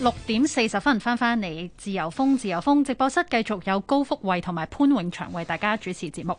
六點四十分，翻返嚟自由風，自由風直播室繼續有高福慧同埋潘永祥為大家主持節目。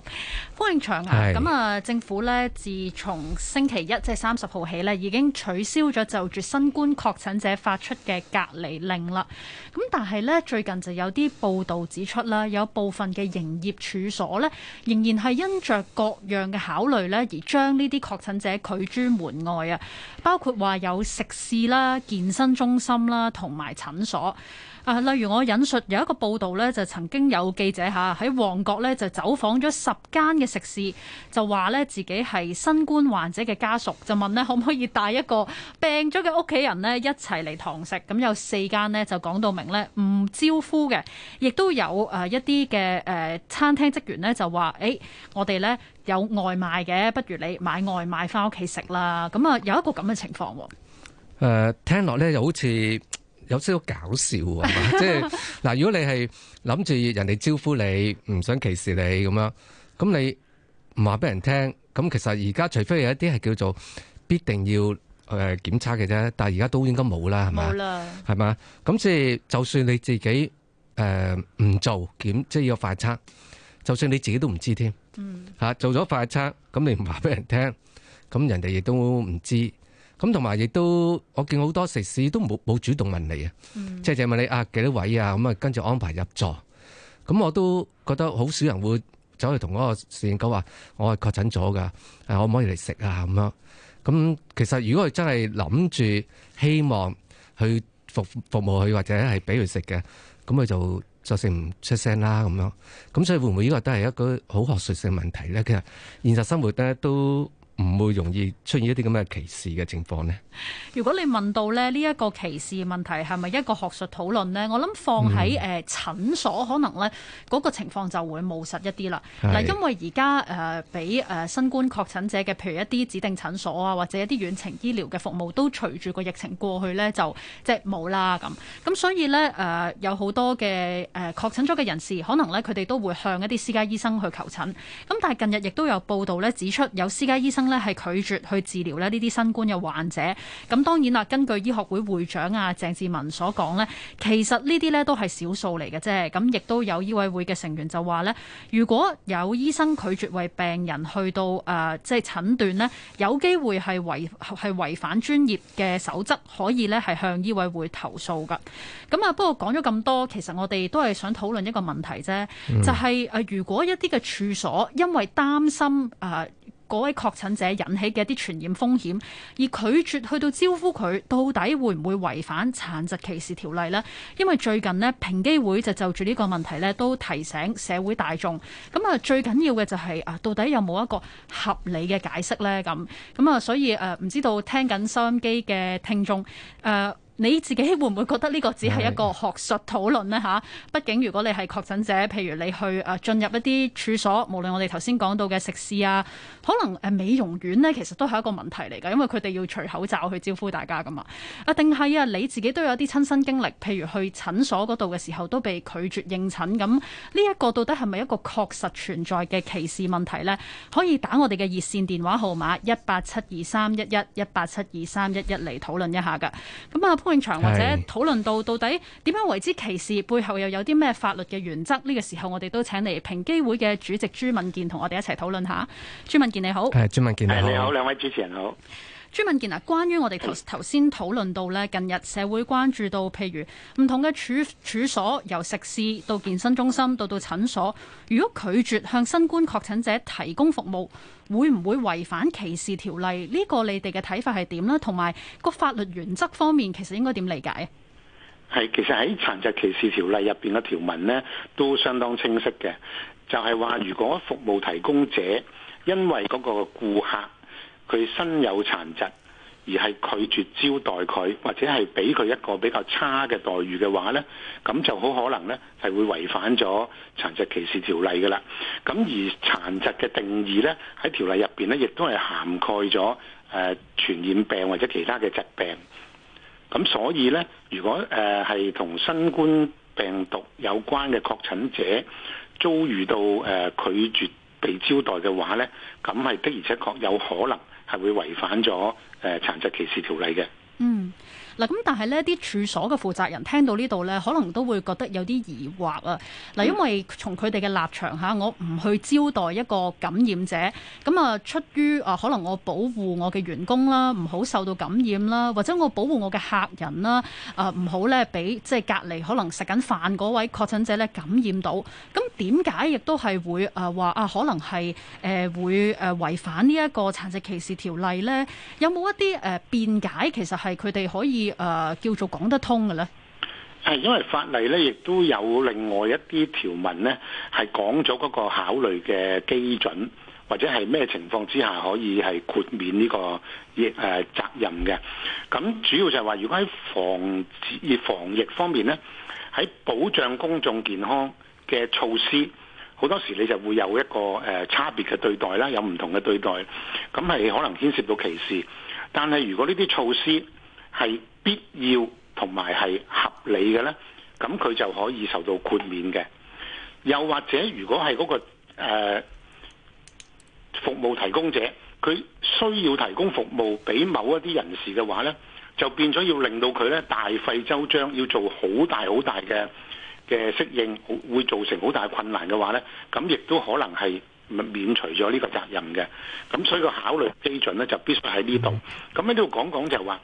潘永祥啊，咁啊是，政府呢，自從星期一即係三十號起呢，已經取消咗就住新冠確診者發出嘅隔離令啦。咁但係呢，最近就有啲報道指出啦，有部分嘅營業處所呢，仍然係因着各樣嘅考慮呢，而將呢啲確診者拒諸門外啊。包括話有食肆啦、健身中心啦同。同埋診所啊，例如我引述有一個報道呢，就曾經有記者吓喺旺角呢，就走訪咗十間嘅食肆，就話呢，自己係新冠患者嘅家屬，就問呢可唔可以帶一個病咗嘅屋企人呢一齊嚟堂食？咁、嗯、有四間呢，就講到明呢唔招呼嘅，亦都有誒一啲嘅誒餐廳職員呢，就話：誒、欸，我哋呢有外賣嘅，不如你買外賣翻屋企食啦。咁、嗯、啊、嗯、有一個咁嘅情況、哦，誒、呃、聽落呢，就好似。有少少搞笑啊！即係嗱，如果你係諗住人哋招呼你，唔想歧視你咁樣，咁你唔話俾人聽，咁其實而家除非有一啲係叫做必定要誒檢測嘅啫，但係而家都應該冇啦，係嘛？冇啦，係嘛？咁即係就算你自己誒唔做檢，即係要快測，就算你自己都唔知添。嗯。吓，做咗快測，咁你唔話俾人聽，咁人哋亦都唔知。咁同埋亦都，我見好多食肆都冇冇主動問你、嗯、即問你啊，即係問你啊幾多位啊，咁啊跟住安排入座。咁、嗯、我都覺得好少人會走去同嗰個侍應講話，我係確診咗噶，我可唔可以嚟食啊？咁樣，咁、嗯、其實如果佢真係諗住希望去服服務佢或者係俾佢食嘅，咁、嗯、佢就索性唔出聲啦。咁樣，咁、嗯、所以會唔會呢個都係一個好學術性問題咧？其實現實生活咧都唔會容易出現一啲咁嘅歧視嘅情況咧。如果你問到咧呢一個歧視問題係咪一個學術討論咧？我諗放喺誒診所、嗯、可能咧嗰個情況就會務實一啲啦。嗱是，因為而家誒俾誒新冠確診者嘅，譬如一啲指定診所啊，或者一啲遠程醫療嘅服務，都隨住個疫情過去咧，就即係冇啦咁。咁、就是、所以咧，誒、呃、有好多嘅誒、呃、確診咗嘅人士，可能咧佢哋都會向一啲私家醫生去求診。咁但係近日亦都有報道咧，指出，有私家醫生。咧係拒絕去治療咧呢啲新冠嘅患者，咁當然啦，根據醫學會會長啊，鄭志文所講呢，其實呢啲呢都係少數嚟嘅啫。咁亦都有醫委會嘅成員就話呢，如果有醫生拒絕為病人去到、呃、即係診斷呢，有機會係違，係違反專業嘅守則，可以呢係向醫委會投訴㗎。咁啊，不過講咗咁多，其實我哋都係想討論一個問題啫，嗯、就係如果一啲嘅處所因為擔心、呃嗰位確診者引起嘅一啲傳染風險，而拒絕去到招呼佢，到底會唔會違反殘疾歧視條例呢？因為最近呢，平機會就就住呢個問題呢，都提醒社會大眾。咁啊，最緊要嘅就係、是、啊，到底有冇一個合理嘅解釋呢？咁咁啊，所以唔、啊、知道聽緊收音機嘅聽眾、啊你自己會唔會覺得呢個只係一個學術討論呢？嚇的？畢竟如果你係確診者，譬如你去誒進入一啲處所，無論我哋頭先講到嘅食肆啊，可能誒美容院呢，其實都係一個問題嚟㗎，因為佢哋要除口罩去招呼大家㗎嘛。啊，定係啊，你自己都有啲親身經歷，譬如去診所嗰度嘅時候都被拒絕應診，咁呢一個到底係咪一個確實存在嘅歧視問題呢？可以打我哋嘅熱線電話號碼一八七二三一一一八七二三一一嚟討論一下㗎。咁啊。場或者討論到到底點樣為之歧視，背後又有啲咩法律嘅原則？呢個時候我哋都請嚟平機會嘅主席朱敏健同我哋一齊討論下。朱敏健你好，係朱敏健你好，你好，兩位主持人好。朱敏健啊，關於我哋頭頭先討論到咧，近日社會關注到，譬如唔同嘅處處所，由食肆到健身中心，到到診所，如果拒絕向新冠確診者提供服務，會唔會違反歧視條例？呢個你哋嘅睇法係點咧？同埋個法律原則方面，其實應該點理解？係，其實喺殘疾歧視條例入邊嘅條文咧，都相當清晰嘅，就係話如果服務提供者因為嗰個顧客。佢身有殘疾，而係拒絕招待佢，或者係俾佢一個比較差嘅待遇嘅話呢，咁就好可能呢係會違反咗殘疾歧視條例嘅啦。咁而殘疾嘅定義呢，喺條例入邊呢亦都係涵蓋咗誒傳染病或者其他嘅疾病。咁所以呢，如果誒係同新冠病毒有關嘅確診者遭遇到誒拒絕被招待嘅話呢，咁係的而且確有可能。係會違反咗誒殘疾歧視條例嘅。嗯。嗱咁，但係咧，啲處所嘅負責人聽到呢度咧，可能都會覺得有啲疑惑啊。嗱，因為從佢哋嘅立場下，我唔去招待一個感染者，咁啊，出於啊，可能我保護我嘅員工啦，唔好受到感染啦，或者我保護我嘅客人啦，啊，唔好咧，俾即係隔離可能食緊飯嗰位確診者咧感染到。咁點解亦都係會誒話啊，可能係誒會誒違反呢一個殘疾歧視條例咧？有冇一啲誒辯解？其實係佢哋可以。誒、啊，叫做講得通嘅咧，係因為法例咧，亦都有另外一啲條文咧，係講咗嗰個考慮嘅基準，或者係咩情況之下可以係豁免呢，這個亦誒、啊、責任嘅。咁主要就係話，如果喺防疫防疫方面咧，喺保障公眾健康嘅措施，好多時你就會有一個誒差別嘅對待啦，有唔同嘅對待，咁係可能牽涉到歧視。但係如果呢啲措施係必要同埋係合理嘅咧，咁佢就可以受到豁免嘅。又或者，如果係嗰個誒服務提供者，佢需要提供服務俾某一啲人士嘅話咧，就變咗要令到佢咧大費周章，要做好大好大嘅嘅適應，會造成好大困難嘅話咧，咁亦都可能係免除咗呢個責任嘅。咁所以個考慮基準咧，就必須喺呢度。咁喺呢度講講就話。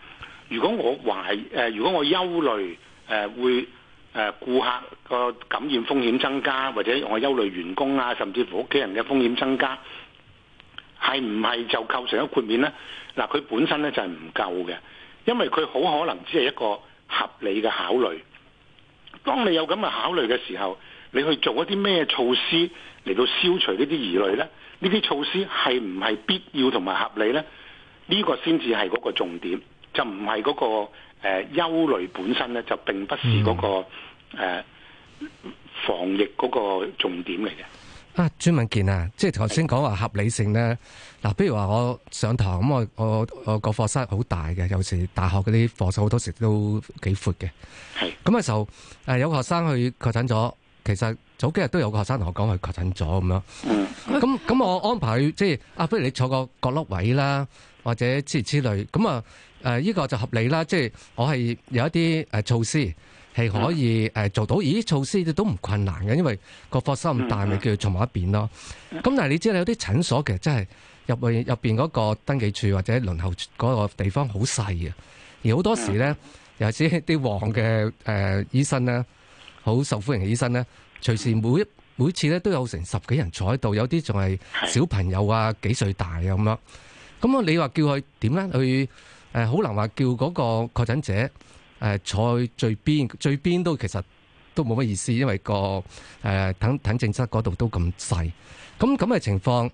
如果我懷誒，如果我憂慮誒，會誒顧客個感染風險增加，或者我憂慮員工啊，甚至乎屋企人嘅風險增加，係唔係就構成一個豁免咧？嗱，佢本身咧就係唔夠嘅，因為佢好可能只係一個合理嘅考慮。當你有咁嘅考慮嘅時候，你去做一啲咩措施嚟到消除呢啲疑慮咧？呢啲措施係唔係必要同埋合理咧？呢個先至係嗰個重點。就唔係嗰個誒憂慮本身咧，就並不是嗰、那個、嗯、防疫嗰個重點嚟嘅。啊，朱敏健啊，即係頭先講話合理性咧。嗱是，譬如話我上堂咁，我我我個課室好大嘅，有時大學嗰啲課室好多時都幾闊嘅。係是。咁嘅時候，誒有個學生去確診咗，其實早幾日都有個學生同我講去確診咗咁樣。咁咁、嗯、我安排佢即係啊，不如你坐個角落位啦，或者之類之類咁啊。那誒依、呃呢個就合理啦，即係我係有一啲誒、呃、措施係可以誒、呃、做到。咦，措施都唔困難嘅，因為個課室咁大，咪、mm hmm. 叫佢坐埋一邊咯。咁、嗯、但係你知啦，有啲診所其實真係入入邊嗰個登記處或者輪候嗰個地方好細嘅，而好多時咧有時啲啲旺嘅誒醫生咧，好受歡迎嘅醫生咧，隨時每每次咧都有成十幾人坐喺度，有啲仲係小朋友啊，幾歲大啊咁樣。咁我你話叫佢點咧？佢誒，好難話叫嗰個確診者誒坐去最邊，最邊都其實都冇乜意思，因為個誒等等症室嗰度都咁細，咁咁嘅情況，誒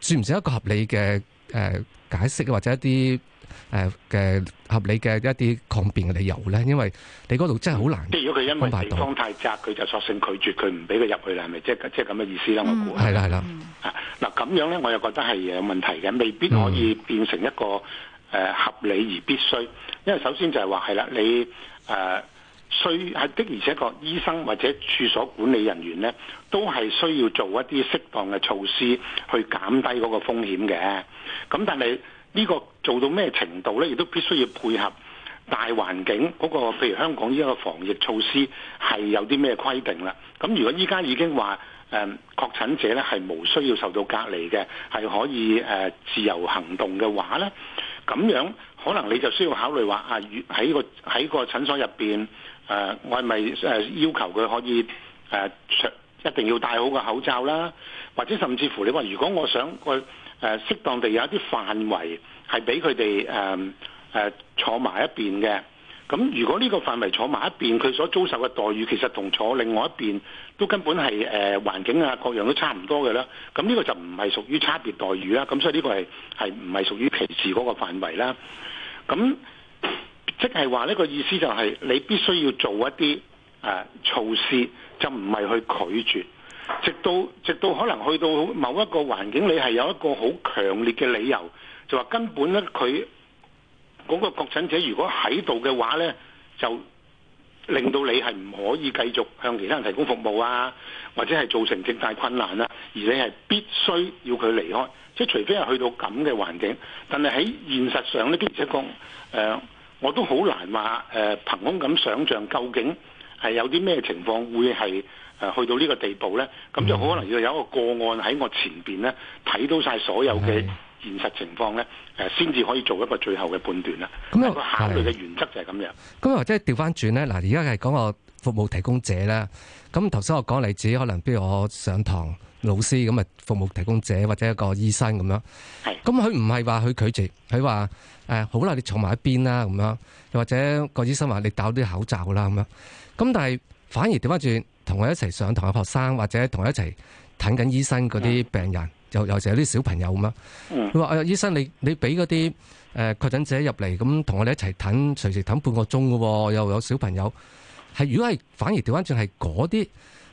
算唔算一個合理嘅誒解釋咧，或者一啲誒嘅合理嘅一啲抗辯嘅理由咧？因為你嗰度真係好難。即係如果佢因為地方太窄，佢就索性拒絕佢唔俾佢入去啦，係咪即係即係咁嘅意思咧？我估係啦，係啦。啊，嗱咁樣咧，我又覺得係有問題嘅，未必可以變成一個。誒合理而必須，因為首先就係話係啦，你誒需係的，而且確醫生或者處所管理人員咧，都係需要做一啲適當嘅措施去減低嗰個風險嘅。咁但係呢個做到咩程度咧？亦都必須要配合大環境嗰個，譬如香港依家個防疫措施係有啲咩規定啦。咁如果依家已經話誒確診者咧係無需要受到隔離嘅，係可以誒自由行動嘅話咧？咁樣可能你就需要考慮話啊，喺個喺個診所入面，呃、我係咪、呃、要求佢可以、呃、一定要戴好個口罩啦，或者甚至乎你話，如果我想個、呃、適當地有一啲範圍係俾佢哋呃、呃、坐埋一邊嘅。咁如果呢個範圍坐埋一邊，佢所遭受嘅待遇其實同坐另外一邊都根本係、呃、環境啊各樣都差唔多嘅啦。咁呢個就唔係屬於差別待遇啦。咁所以呢個係係唔係屬於歧視嗰個範圍啦？咁即係話呢個意思就係你必須要做一啲誒、呃、措施，就唔係去拒絕，直到直到可能去到某一個環境，你係有一個好強烈嘅理由，就話根本咧佢。嗰個確診者如果喺度嘅話呢，就令到你係唔可以繼續向其他人提供服務啊，或者係造成極大困難啊。而你係必須要佢離開，即係除非係去到咁嘅環境。但係喺現實上呢，邊唔識講，我都好難話誒、呃，憑空咁想像究竟係有啲咩情況會係、呃、去到呢個地步呢。咁就可能要有一個個案喺我前邊呢睇到晒所有嘅。現實情況咧，誒先至可以做一個最後嘅判斷啦。咁一個考慮嘅原則就係咁樣。咁或者調翻轉咧，嗱而家係講個服務提供者咧。咁頭先我講例子，可能比如我上堂老師咁啊，服務提供者或者一個醫生咁樣。係。咁佢唔係話佢拒絕，佢話誒好啦，你坐埋一邊啦咁樣，又或者個醫生話你戴啲口罩啦咁樣。咁但係反而調翻轉，同我一齊上堂嘅學生，或者同我一齊睇緊醫生嗰啲病人。又有時有啲小朋友咁、嗯、啊！佢話：誒醫生，你你俾嗰啲誒確診者入嚟，咁同我哋一齊等，隨時等半個鐘嘅喎，又、呃、有小朋友係。如果係反而調翻轉係嗰啲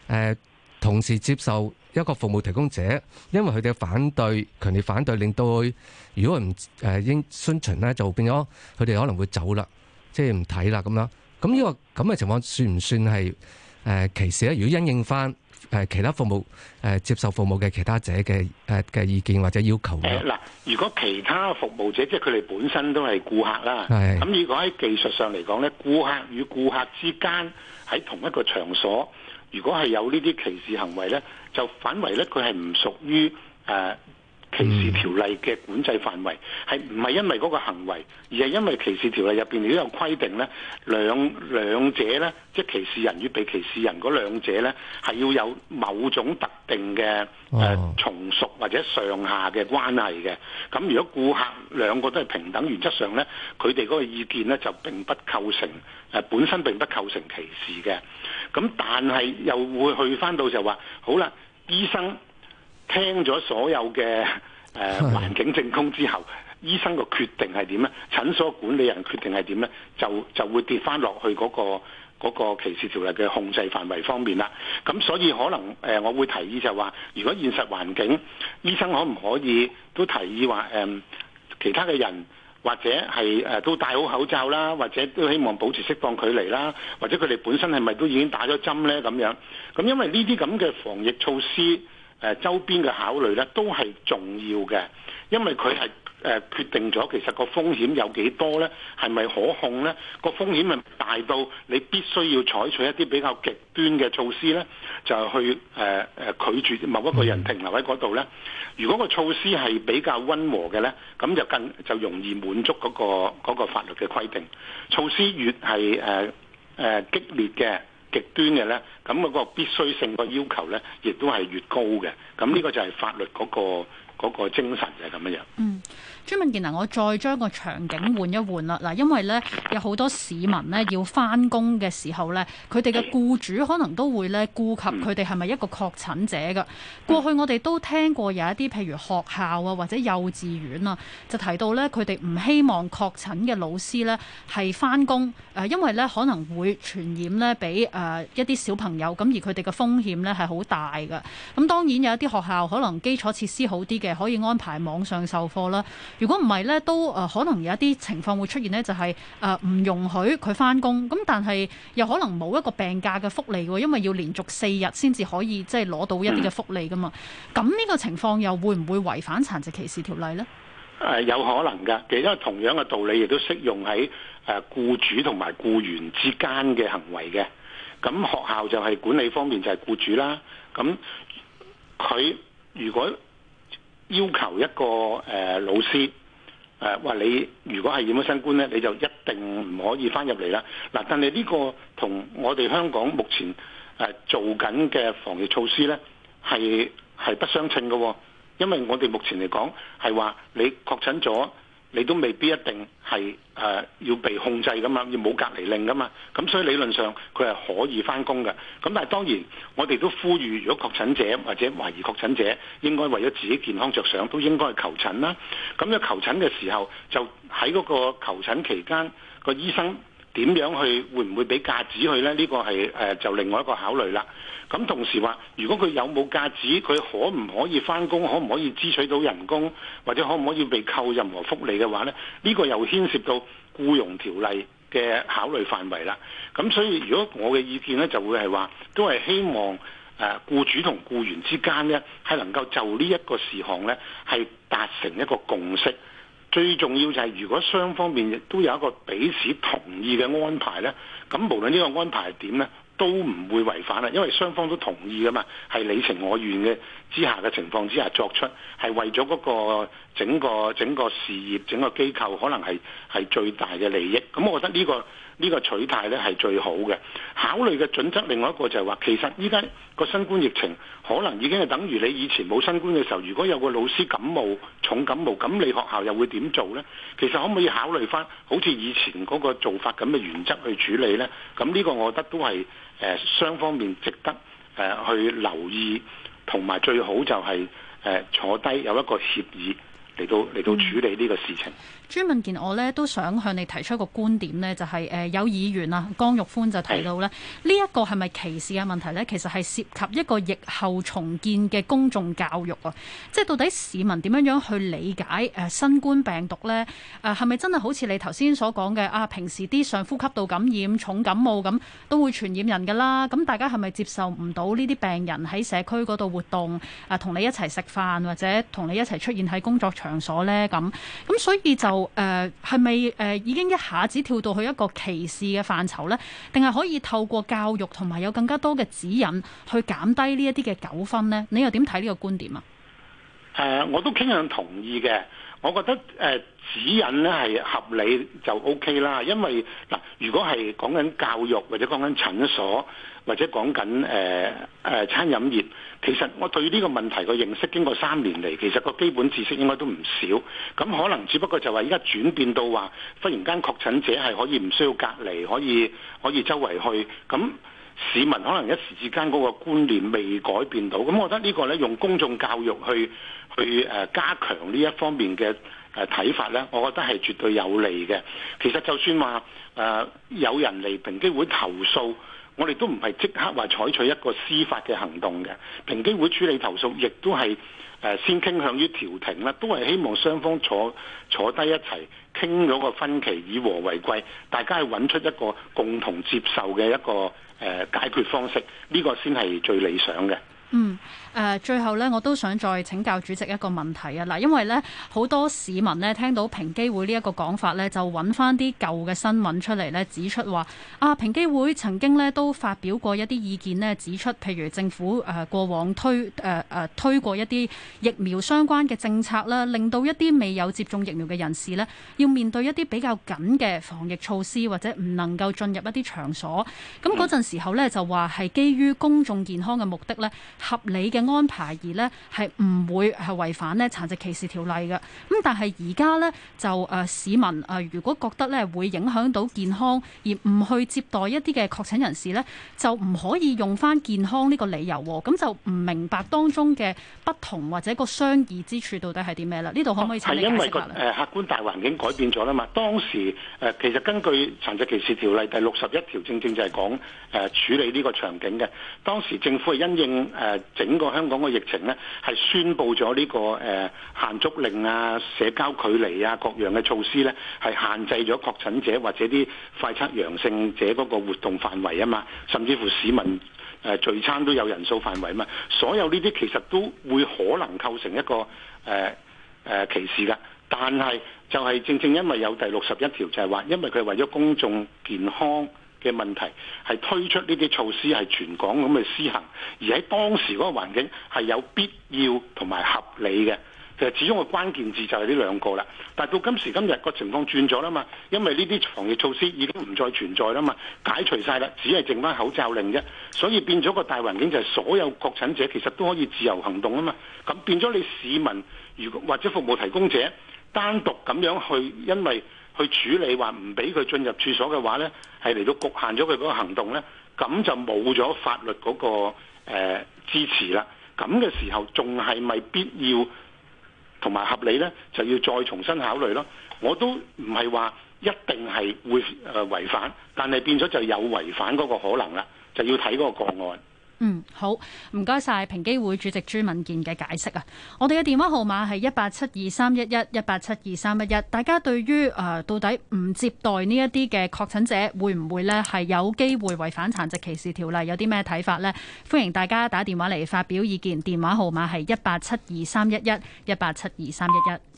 誒同時接受一個服務提供者，因為佢哋嘅反對，強烈反對，令到佢，如果唔誒應遵循咧，就、呃、變咗佢哋可能會走啦，即係唔睇啦咁樣。咁呢、呢個咁嘅情況算唔算係誒歧視咧？如果因應翻？誒，其他服務誒、呃，接受服務嘅其他者嘅誒嘅意見或者要求咧。嗱、呃，如果其他服務者即係佢哋本身都係顧客啦，咁如果喺技術上嚟講咧，顧客與顧客之間喺同一個場所，如果係有呢啲歧視行為咧，就反為咧，佢係唔屬於誒。呃歧視條例嘅管制範圍係唔係因為嗰個行為，而係因為歧視條例入邊都有規定咧，兩兩者咧，即歧視人與被歧視人嗰兩者咧，係要有某種特定嘅誒從屬或者上下嘅關係嘅。咁、嗯、如果顧客兩個都係平等原則上咧，佢哋嗰個意見咧就並不構成誒、呃、本身並不構成歧視嘅。咁但係又會去翻到就話，好啦，醫生。聽咗所有嘅、呃、環境證供之後，醫生個決定係點咧？診所管理人嘅決定係點咧？就就會跌翻落去嗰個嗰個歧視條例嘅控制範圍方面啦。咁所以可能、呃、我會提議就話，如果現實環境，醫生可唔可以都提議話、呃、其他嘅人或者係、呃、都戴好口罩啦，或者都希望保持適當距離啦，或者佢哋本身係咪都已經打咗針咧？咁樣咁，因為呢啲咁嘅防疫措施。誒周邊嘅考慮咧，都係重要嘅，因為佢係誒決定咗其實個風險有幾多咧，係咪可控咧？個風險係大到你必須要採取一啲比較極端嘅措施咧，就去誒誒拒絕某一個人停留喺嗰度咧。嗯、如果個措施係比較温和嘅咧，咁就更就容易滿足嗰、嗰個嗰個法律嘅規定。措施越係誒誒激烈嘅。極端嘅咧，咁、那、嗰個必須性個要求咧，亦都係越高嘅。咁呢個就係法律嗰、那個。嗰個精神就咁樣樣。嗯，朱敏健嗱、啊，我再將個場景換一換啦。嗱，因為呢，有好多市民呢要翻工嘅時候呢，佢哋嘅僱主可能都會呢顧及佢哋係咪一個確診者㗎。過去我哋都聽過有一啲譬如學校啊或者幼稚園啊，就提到呢，佢哋唔希望確診嘅老師呢係翻工，因為呢可能會傳染呢俾、呃、一啲小朋友，咁而佢哋嘅風險呢係好大㗎。咁、嗯、當然有一啲學校可能基礎設施好啲。可以安排網上授課啦。如果唔係咧，都誒、呃、可能有一啲情況會出現呢，就係誒唔容許佢翻工。咁但係又可能冇一個病假嘅福利，因為要連續四日先至可以即係攞到一啲嘅福利噶嘛。咁呢、嗯、個情況又會唔會違反殘疾歧視條例呢？誒，有可能噶，其實因為同樣嘅道理亦都適用喺誒僱主同埋僱員之間嘅行為嘅。咁學校就係管理方面就係僱主啦。咁佢如果。要求一個誒、呃、老師誒話、啊、你如果係染咗新冠咧，你就一定唔可以翻入嚟啦。嗱、啊，但係呢個同我哋香港目前誒、啊、做緊嘅防疫措施咧，係係不相稱嘅、哦，因為我哋目前嚟講係話你確診咗。你都未必一定係、呃、要被控制噶嘛，要冇隔離令噶嘛，咁所以理論上佢係可以返工嘅。咁但係當然，我哋都呼籲，如果確診者或者懷疑確診者，應該為咗自己健康着想，都應該去求診啦。咁樣求診嘅時候，就喺嗰個求診期間，個醫生。點樣去？會唔會俾假紙佢呢？呢個係、呃、就另外一個考慮啦。咁同時話，如果佢有冇假紙佢可唔可以返工？可唔可以支取到人工？或者可唔可以被扣任何福利嘅話呢，呢個又牽涉到僱傭條例嘅考慮範圍啦。咁所以，如果我嘅意見呢，就會係話，都係希望誒、呃、僱主同僱員之間呢，係能夠就呢一個事項呢，係達成一個共識。最重要就係，如果雙方面亦都有一個彼此同意嘅安排呢，咁無論呢個安排係點呢，都唔會違反啦，因為雙方都同意㗎嘛，係你情我願嘅之下嘅情況之下作出，係為咗嗰個整個整個事業、整個機構，可能係係最大嘅利益。咁我覺得呢個。呢個取態呢，係最好嘅考慮嘅準則。另外一個就係話，其實依家個新冠疫情可能已經係等於你以前冇新冠嘅時候，如果有個老師感冒、重感冒，咁你學校又會點做呢？其實可唔可以考慮翻好似以前嗰個做法咁嘅原則去處理呢？咁呢個我覺得都係誒雙方面值得、呃、去留意，同埋最好就係、是呃、坐低有一個協議嚟到嚟到處理呢個事情。嗯朱敏健，我咧都想向你提出一個觀點咧，就係、是、誒、呃、有議員啊江玉歡就提到咧，呢、這、一個係咪歧視嘅問題咧？其實係涉及一個疫後重建嘅公眾教育啊，即係到底市民點樣樣去理解誒、呃、新冠病毒咧？誒係咪真係好似你頭先所講嘅啊？平時啲上呼吸道感染、重感冒咁都會傳染人噶啦，咁、嗯、大家係咪接受唔到呢啲病人喺社區嗰度活動啊？同、呃、你一齊食飯或者同你一齊出現喺工作場所咧？咁咁、嗯、所以就。誒，係咪誒已經一下子跳到去一個歧視嘅範疇呢？定係可以透過教育同埋有更加多嘅指引去減低呢一啲嘅糾紛呢？你又點睇呢個觀點啊？誒、呃，我都傾向同意嘅。我覺得、呃、指引咧係合理就 OK 啦，因為嗱，如果係講緊教育或者講緊診所或者講緊、呃呃、餐飲業，其實我對呢個問題嘅認識經過三年嚟，其實個基本知識應該都唔少，咁可能只不過就話依家轉變到話，忽然間確診者係可以唔需要隔離，可以可以周圍去咁。咁市民可能一時之間嗰個觀念未改變到，咁我覺得呢個呢，用公眾教育去去加強呢一方面嘅誒睇法呢，我覺得係絕對有利嘅。其實就算話誒、呃、有人嚟平機會投訴，我哋都唔係即刻話採取一個司法嘅行動嘅。平機會處理投訴，亦都係先傾向於調停啦，都係希望雙方坐坐低一齊傾咗個分歧，以和為貴，大家係揾出一個共同接受嘅一個。誒，解決方式呢個先係最理想嘅。嗯，誒、呃，最後呢，我都想再請教主席一個問題啊！嗱，因為呢，好多市民呢聽到平機會呢一個講法呢就揾翻啲舊嘅新聞出嚟呢指出話啊，平機會曾經呢都發表過一啲意見呢指出譬如政府誒、呃、過往推誒、呃、推過一啲疫苗相關嘅政策啦，令到一啲未有接種疫苗嘅人士呢要面對一啲比較緊嘅防疫措施，或者唔能夠進入一啲場所。咁嗰陣時候呢，就話係基於公眾健康嘅目的呢。合理嘅安排，而呢係唔會係違反呢殘疾歧視條例嘅。咁但係而家呢，就誒、呃、市民誒、呃、如果覺得呢會影響到健康而唔去接待一啲嘅確診人士呢，就唔可以用翻健康呢個理由。咁就唔明白當中嘅不同或者個商議之處到底係啲咩啦？呢度可唔可以請你解釋下？係因為個誒客觀大環境改變咗啦嘛。當時誒、呃、其實根據殘疾歧視條例第六十一條正正就係講誒處理呢個場景嘅。當時政府係因應。呃誒整個香港嘅疫情呢，係宣布咗呢、呢個誒、呃、限足令啊、社交距離啊各樣嘅措施呢，係限制咗確診者或者啲快測陽性者嗰個活動範圍啊嘛，甚至乎市民、呃、聚餐都有人數範圍嘛，所有呢啲其實都會可能構成一個、呃呃、歧視㗎，但係就係正正因為有第六十一條，就係話因為佢為咗公眾健康。嘅問題係推出呢啲措施係全港咁去施行，而喺當時嗰個環境係有必要同埋合理嘅。其實始終個關鍵字就係呢兩個啦。但係到今時今日個情況轉咗啦嘛，因為呢啲防疫措施已經唔再存在啦嘛，解除晒啦，只係剩翻口罩令啫。所以變咗個大環境就係所有確診者其實都可以自由行動啊嘛。咁變咗你市民如或者服務提供者單獨咁樣去，因為去處理話唔俾佢進入處所嘅話呢，係嚟到局限咗佢嗰個行動呢，咁就冇咗法律嗰、嗰個、呃、支持啦。咁嘅時候仲係咪必要同埋合理呢？就要再重新考慮咯。我都唔係話一定係會誒違反，但係變咗就有違反嗰個可能啦，就要睇嗰個個案。嗯，好，唔該晒平機會主席朱敏健嘅解釋啊！我哋嘅電話號碼係一八七二三一一一八七二三一一，大家對於誒、呃、到底唔接待呢一啲嘅確診者，會唔會呢係有機會違反殘疾歧視條例，有啲咩睇法呢？歡迎大家打電話嚟發表意見，電話號碼係一八七二三一一一八七二三一一。